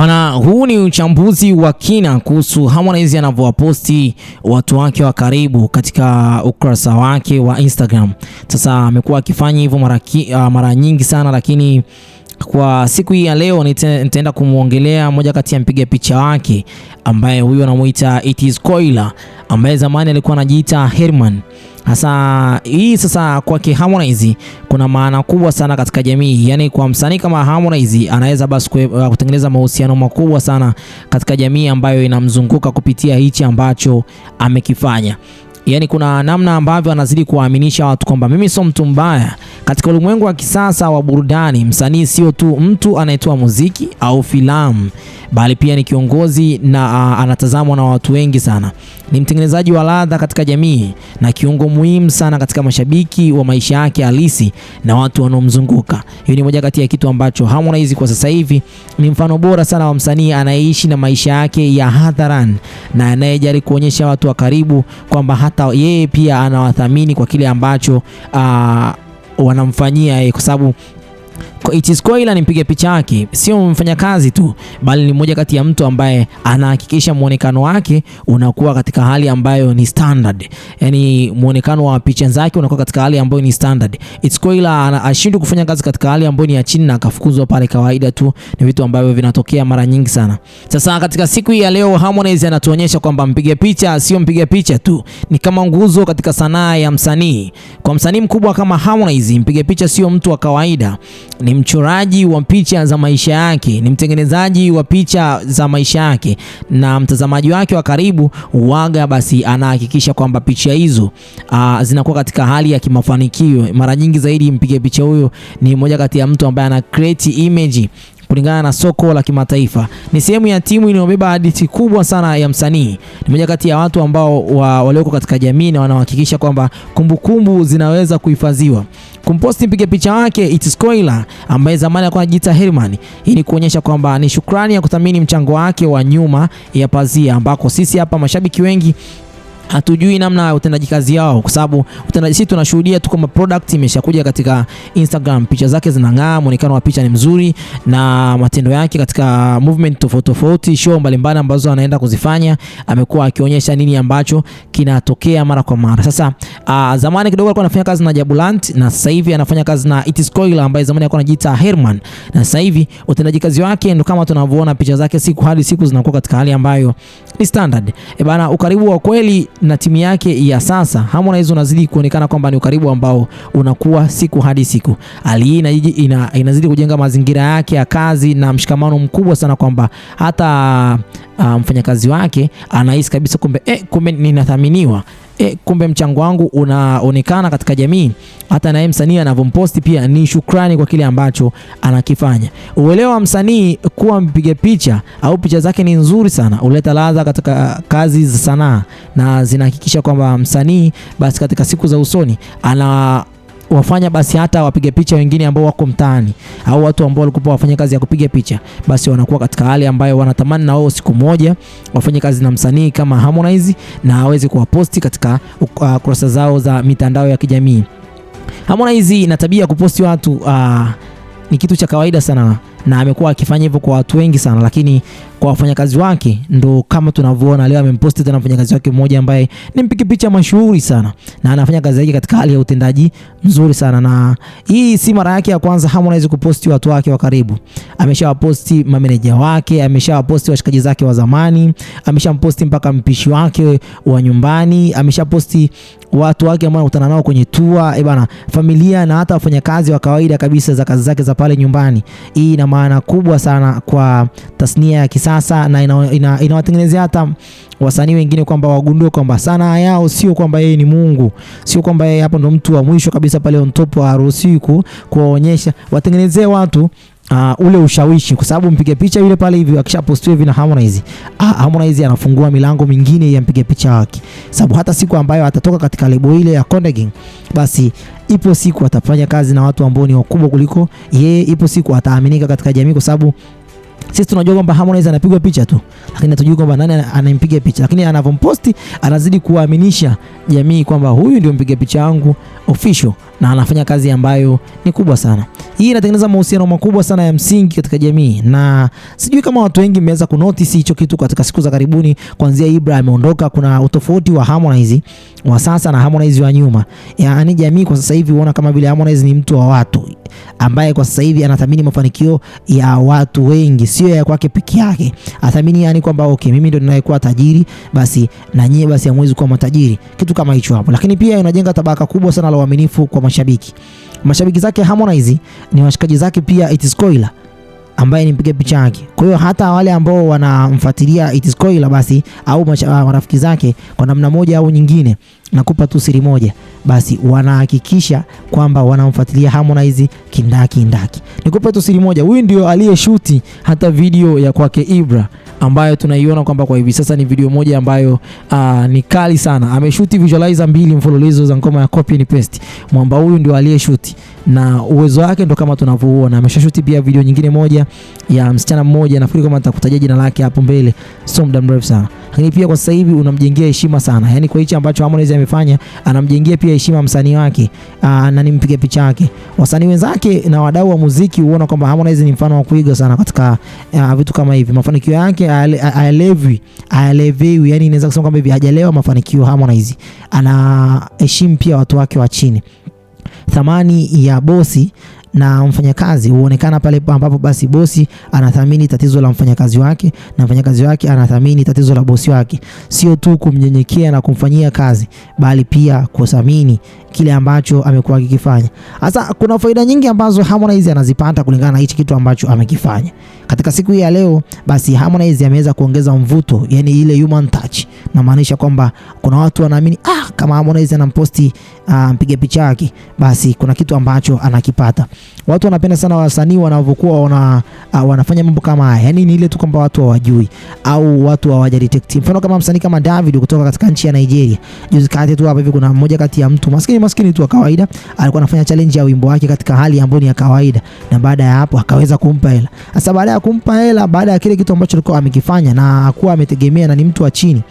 Bana, huu ni uchambuzi wa kina kuhusu Harmonize anavyowaposti watu wake wa karibu katika ukurasa wake wa Instagram. Sasa amekuwa akifanya hivyo mara, ah, mara nyingi sana, lakini kwa siku hii ya leo nitaenda kumwongelea moja kati ya mpiga picha wake ambaye huyu anamuita It is Koila ambaye zamani alikuwa anajiita Herman. Hasa hii sasa kwake Harmonize kuna maana kubwa sana katika jamii, yaani kwa msanii kama Harmonize anaweza basi uh, kutengeneza mahusiano makubwa sana katika jamii ambayo inamzunguka kupitia hichi ambacho amekifanya. Yaani kuna namna ambavyo anazidi kuwaaminisha watu kwamba mimi sio mtu mbaya. Katika ulimwengu wa kisasa wa burudani, msanii sio tu mtu anayetoa muziki au filamu, bali pia ni kiongozi na uh, anatazamwa na watu wengi sana. Ni mtengenezaji wa ladha katika jamii na kiungo muhimu sana katika mashabiki wa maisha yake halisi na watu wanaomzunguka. Hiyo ni moja kati ya kitu ambacho Harmonize kwa sasa hivi ni mfano bora sana wa msanii anayeishi na maisha yake ya hadharani na anayejali kuonyesha watu wa karibu kwamba hata yeye pia anawathamini kwa kile ambacho uh, wanamfanyia yeye kwa sababu Koichi Square nimpige picha yake, sio mfanyakazi tu, bali ni mmoja kati ya mtu ambaye anahakikisha muonekano wake unakuwa katika hali ambayo ni standard. Yani muonekano wa picha zake unakuwa katika hali ambayo ni standard. Square anashindwa kufanya kazi katika hali ambayo ni ya chini na akafukuzwa pale kawaida tu, ni vitu ambavyo vinatokea mara nyingi sana. Sasa katika siku hii ya leo Harmonize anatuonyesha kwamba mpige picha sio mpige picha tu, ni kama nguzo katika sanaa ya msanii. Kwa msanii mkubwa kama Harmonize, mpige picha sio mtu wa kawaida ni ni mchoraji wa picha za maisha yake, ni mtengenezaji wa picha za maisha yake, na mtazamaji wake wa karibu uwaga, basi anahakikisha kwamba picha hizo ah, zinakuwa katika hali ya kimafanikio. Mara nyingi zaidi mpiga picha huyo ni mmoja kati ya mtu ambaye ana create image kulingana na soko la kimataifa. Ni sehemu ya timu inayobeba hadithi kubwa sana ya msanii. Ni moja kati ya watu ambao wa, walioko katika jamii na wanahakikisha kwamba kumbukumbu zinaweza kuhifadhiwa. Kumposti mpiga picha wake Koila ambaye zamani alikuwa anajiita Herman. Hii ni kuonyesha kwamba ni shukrani ya kuthamini mchango wake wa nyuma ya pazia ambako sisi hapa mashabiki wengi hatujui namna ya utendaji kazi yao, kwa sababu utendaji sisi tunashuhudia tu kwamba product imeshakuja katika Instagram, picha zake zinang'aa, muonekano wa picha ni mzuri, na matendo yake katika movement tofauti tofauti, show mbalimbali ambazo anaenda kuzifanya, amekuwa akionyesha nini ambacho kinatokea mara kwa mara. Sasa uh, zamani kidogo alikuwa anafanya kazi na Jabulant na sasa hivi anafanya kazi na Coil ambaye zamani alikuwa anajiita Herman, na sasa hivi utendaji kazi wake ndio kama tunavyoona picha zake siku hadi siku zinakuwa katika hali ambayo ni standard. E bana, ukaribu wa kweli na timu yake ya sasa Harmonize unazidi kuonekana kwamba ni ukaribu ambao unakuwa siku hadi siku. Hali hii ina, ina, inazidi kujenga mazingira yake ya kazi na mshikamano mkubwa sana kwamba hata uh, mfanyakazi wake anahisi kabisa kumbe, eh, kumbe ninathaminiwa e, kumbe mchango wangu unaonekana katika jamii. Hata naye msanii anavyomposti pia ni shukrani kwa kile ambacho anakifanya. Uelewa wa msanii kuwa mpiga picha au picha zake ni nzuri sana, huleta ladha katika kazi za sanaa na zinahakikisha kwamba msanii basi katika siku za usoni ana wafanya basi hata wapiga picha wengine ambao wako mtaani au watu ambao walikuwa wafanya kazi ya kupiga picha, basi wanakuwa katika hali ambayo wanatamani na wao siku moja wafanye kazi na msanii kama Harmonize na aweze kuwaposti katika uh, kurasa zao za mitandao ya kijamii. Harmonize na tabia ya kuposti watu uh, ni kitu cha kawaida sana na amekuwa akifanya hivyo kwa watu wengi sana, lakini kwa wafanyakazi wake ndo kama tunavyoona leo amemposti tena mfanyakazi wake mmoja ambaye ni mpiga picha mashuhuri sana na anafanya kazi yake katika hali ya utendaji mzuri sana, na hii si mara yake ya kwanza Harmonize kuposti watu wake wa karibu. Ameshawaposti mameneja wake, ameshawaposti washikaji zake wa zamani, ameshamposti mpaka mpishi wake wa nyumbani, ameshaposti watu wake ambao anakutana nao kwenye tua, e eh bana, familia na hata wafanyakazi wa kawaida kabisa za kazi zake za pale nyumbani. Hii ina maana kubwa sana kwa tasnia ya kisasa na inawatengenezea ina, ina hata wasanii wengine kwamba wagundue kwamba sanaa yao sio kwamba yeye ni Mungu, sio kwamba yeye hapo ndo mtu wa mwisho kabisa pale on top, haruhusiwi kuwaonyesha. Watengenezee watu uh, ule ushawishi, kwa sababu mpiga picha yule pale hivi akishapostiwa hivi na Harmonize, ah, Harmonize anafungua milango mingine ya mpiga picha wake, sababu hata siku ambayo atatoka katika lebo ile ya Konde Gang, basi ipo siku atafanya kazi na watu ambao ni wakubwa kuliko yeye, ipo siku ataaminika katika jamii, kwa sababu sisi tunajua kwamba Harmonize anapigwa picha tu, lakini hatujui kwamba nani anampiga picha, lakini anavomposti anazidi kuaminisha jamii kwamba huyu ndio mpiga picha wangu official, na anafanya kazi ambayo ni kubwa sana. Hii inatengeneza mahusiano makubwa sana ya msingi katika jamii, na sijui kama watu wengi mmeweza kunotice hicho kitu katika siku za karibuni, kuanzia Ibra ameondoka, kuna utofauti wa Harmonize wa sasa na Harmonize wa nyuma. Yaani jamii kwa sasa hivi huona kama vile Harmonize ni mtu wa watu ambaye kwa sasa hivi anathamini mafanikio ya watu wengi sio ya kwake peke yake, athamini yani kwamba okay, mimi ndo ninayekuwa tajiri, basi na nyie basi hamwezi kuwa matajiri, kitu kama hicho hapo. Lakini pia inajenga tabaka kubwa sana la uaminifu kwa mashabiki. Mashabiki zake Harmonize ni washikaji zake pia It is Koila ambaye ni mpiga picha yake. Kwa hiyo hata wale ambao wanamfuatilia It is Koila basi au ah, marafiki zake kwa namna moja au nyingine, nakupa tu siri moja basi, wanahakikisha kwamba wanamfuatilia Harmonize kindaki ndaki. Nikupe tu siri moja, huyu ndio aliyeshuti hata video ya kwake Ibra ambayo tunaiona kwamba kwa hivi sasa ni video moja ambayo uh, ni kali sana. Ameshuti visualizer mbili mfululizo za ngoma ya copy and paste. Mwamba huyu ndio aliyeshuti na uwezo wake ndo kama tunavyoona. Ameshashuti pia video nyingine moja ya msichana mmoja, nafikiri kama nitakutajia jina lake hapo mbele, so muda mrefu sana lakini pia kwa sasa hivi unamjengea heshima sana. Yani kwa hichi ambacho Harmonize amefanya, anamjengea pia heshima msanii wake na ni picha yake. Wasanii wenzake na wadau wa muziki huona kwamba Harmonize ni mfano wa kuiga sana katika uh, vitu kama hivi. Mafanikio yake hayaelewi, hayaelewi, yani inaweza kusema kwamba hivi hajalewa mafanikio. Harmonize anaheshimu pia watu wake wa chini. Thamani ya bosi na mfanyakazi huonekana pale ambapo basi bosi anathamini tatizo la mfanyakazi wake na mfanyakazi wake anathamini tatizo la bosi wake, sio tu kumnyenyekea na kumfanyia kazi, bali pia kuthamini kile ambacho amekuwa akikifanya. Sasa kuna faida nyingi ambazo Harmonize anazipata kulingana na hichi kitu ambacho amekifanya. Katika siku hii ya leo, basi Harmonize ameweza kuongeza mvuto, yani ile human touch. Na maanisha kwamba kuna watu wanaamini ah, kama Harmonize anamposti mpiga ah, mpige picha yake, basi kuna kitu ambacho anakipata. Watu wanapenda sana wasanii wanavyokuwa wana, uh, wanafanya mambo kama haya. Yani ni ile tu kwamba watu hawajui au watu hawajadetect. Mfano kama msanii kama David kutoka katika nchi ya Nigeria, juzi kati tu hapa hivi kuna mmoja kati ya mtu maskini maskini tu wa kawaida alikuwa anafanya challenge ya wimbo wake katika hali ambayo ni ya kawaida, na baada ya hapo akaweza kumpa hela. Sasa baada ya kumpa hela, baada ya kile kitu ambacho alikuwa amekifanya na akuwa ametegemea na ni mtu wa chini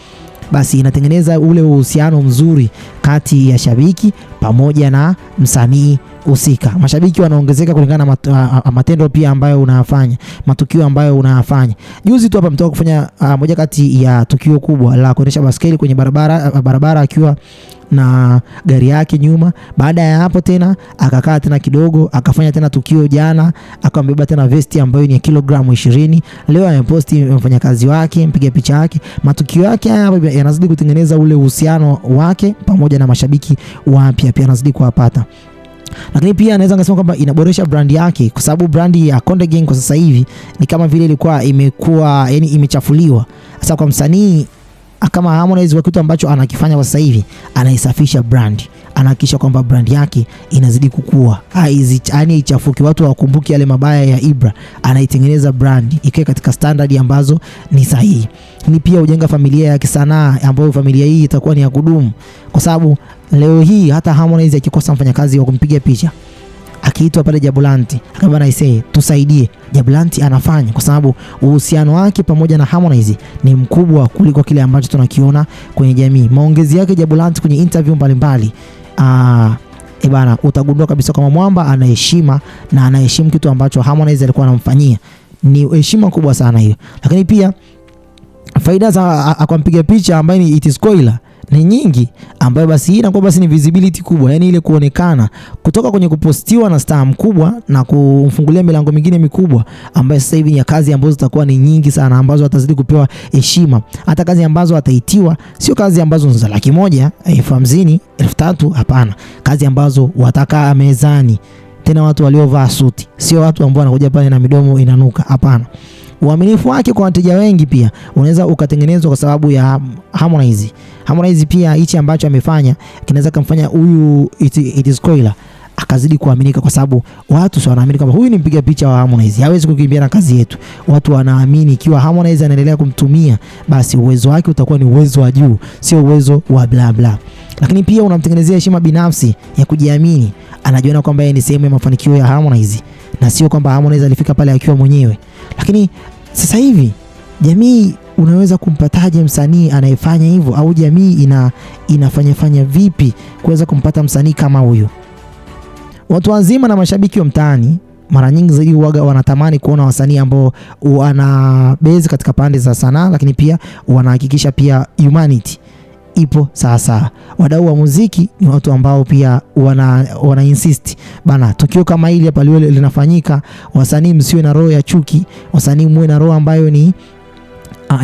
basi inatengeneza ule uhusiano mzuri kati ya shabiki pamoja na msanii husika. Mashabiki wanaongezeka kulingana na mat, matendo pia ambayo unayafanya, matukio ambayo unayafanya. Juzi tu hapa mtoka kufanya a, moja kati ya tukio kubwa la kuendesha baskeli kwenye barabara barabara akiwa na gari yake nyuma. Baada ya hapo tena akakaa tena kidogo akafanya tena tukio jana, akambeba tena vesti ambayo ni kilogramu 20. Leo ameposti mfanyakazi wake, mpiga picha yake. Matukio yake haya yanazidi kutengeneza ule uhusiano wake pamoja na mashabiki wapya, pia anazidi kuwapata lakini pia naweza ngasema kwamba inaboresha brandi yake, kwa sababu brandi ya Konde Gang kwa sasa hivi ni kama vile ilikuwa imekuwa yani imechafuliwa. Sasa kwa msanii kama Harmonize kwa kitu ambacho anakifanya kwa sasa hivi, anaisafisha brandi anahakikisha kwamba brandi yake inazidi kukua, yani ichafuki, watu wakumbuki yale mabaya ya Ibra. Anaitengeneza brandi ikae katika standard ambazo ni sahihi ni pia ujenga familia ya kisanaa ambayo familia hii itakuwa ni ya kudumu, kwa sababu leo hii hata Harmonize akikosa mfanyakazi wa kumpiga picha akiitwa pale Jabulanti na isee, tusaidie, Jabulanti anafanya, kwa sababu uhusiano wake pamoja na Harmonize ni mkubwa kuliko kile ambacho tunakiona kwenye jamii. Maongezi yake Jabulanti kwenye interview mbalimbali mbali. Ah, e eh, bana, utagundua kabisa kama mwamba anaheshima na anaheshimu kitu ambacho Harmonize alikuwa anamfanyia, ni heshima kubwa sana hiyo, lakini pia faida za akampiga picha ambaye ni it is koila ni nyingi, ambayo basi hii inakuwa basi ni visibility kubwa, yani ile kuonekana kutoka kwenye kupostiwa na star mkubwa na kumfungulia milango mingine mikubwa, ambayo sasa hivi ni kazi ambazo zitakuwa ni nyingi sana, ambazo atazidi kupewa heshima. Hata kazi ambazo ataitiwa sio kazi ambazo za laki moja, elfu hamsini, elfu tatu, hapana, kazi ambazo watakaa mezani, tena watu waliovaa suti, sio watu ambao wanakuja pale na midomo inanuka, hapana uaminifu wake kwa wateja wengi pia unaweza ukatengenezwa kwa sababu ya Harmonize. Harmonize pia hichi ambacho amefanya kinaweza kumfanya huyu it, it is Koila akazidi kuaminika kwa sababu watu sio wanaamini kwamba huyu ni mpiga picha wa Harmonize, hawezi kukimbia na kazi yetu. Watu wanaamini ikiwa Harmonize anaendelea kumtumia, basi uwezo wake utakuwa ni uwezo wa juu, sio uwezo wa bla bla. Lakini pia unamtengenezea heshima binafsi ya kujiamini, anajiona kwamba yeye ni sehemu ya mafanikio ya Harmonize na sio kwamba Harmonize alifika pale akiwa mwenyewe. Lakini sasa hivi jamii unaweza kumpataje msanii anayefanya hivyo, au jamii ina inafanyafanya vipi kuweza kumpata msanii kama huyu? Watu wazima na mashabiki wa mtaani mara nyingi zaidi huwaga wanatamani kuona wasanii ambao bezi katika pande za sanaa, lakini pia wanahakikisha pia humanity ipo sawasawa. Wadau wa muziki ni watu ambao pia wana, wana insist bana, tukio kama hili hapa liwe linafanyika, wasanii msiwe na roho ya chuki, wasanii muwe na roho ambayo ni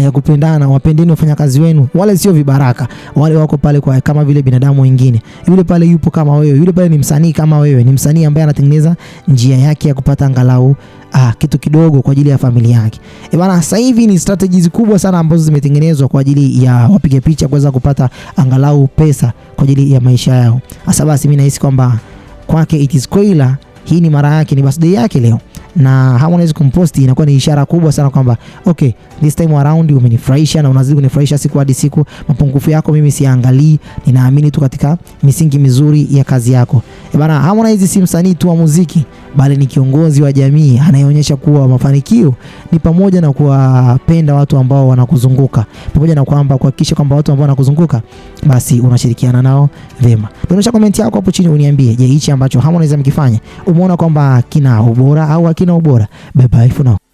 ya kupendana, wapendeni wafanyakazi wenu, wale sio vibaraka. Wale wako pale kwa kama vile binadamu wengine. Yule pale yupo kama wewe, yule pale ni msanii kama wewe, ni msanii ambaye anatengeneza njia yake ya kupata angalau ah, kitu kidogo kwa ajili ya familia yake. E bana, sasa hivi ni strategies kubwa sana ambazo zimetengenezwa kwa ajili ya wapiga picha kuweza kupata angalau pesa kwa ajili ya maisha yao. Sasa basi mimi nahisi kwamba kwake it is Koila, hii ni mara yake, ni birthday yake leo na Harmonize kumposti inakuwa ni ishara kubwa sana kwamba okay, this time around umenifurahisha na unazidi kunifurahisha siku hadi siku. Mapungufu yako mimi siangalii, ninaamini tu katika misingi mizuri ya kazi yako. Bana, Harmonize si msanii tu wa muziki bali ni kiongozi wa jamii anayeonyesha kuwa mafanikio ni pamoja na kuwapenda watu ambao wanakuzunguka pamoja na kwamba kuhakikisha kwamba watu ambao wanakuzunguka basi unashirikiana nao vema. Dondosha komenti yako hapo chini uniambie, je, hichi ambacho Harmonize amekifanya umeona kwamba kina ubora au hakina ubora? Bye bye for now.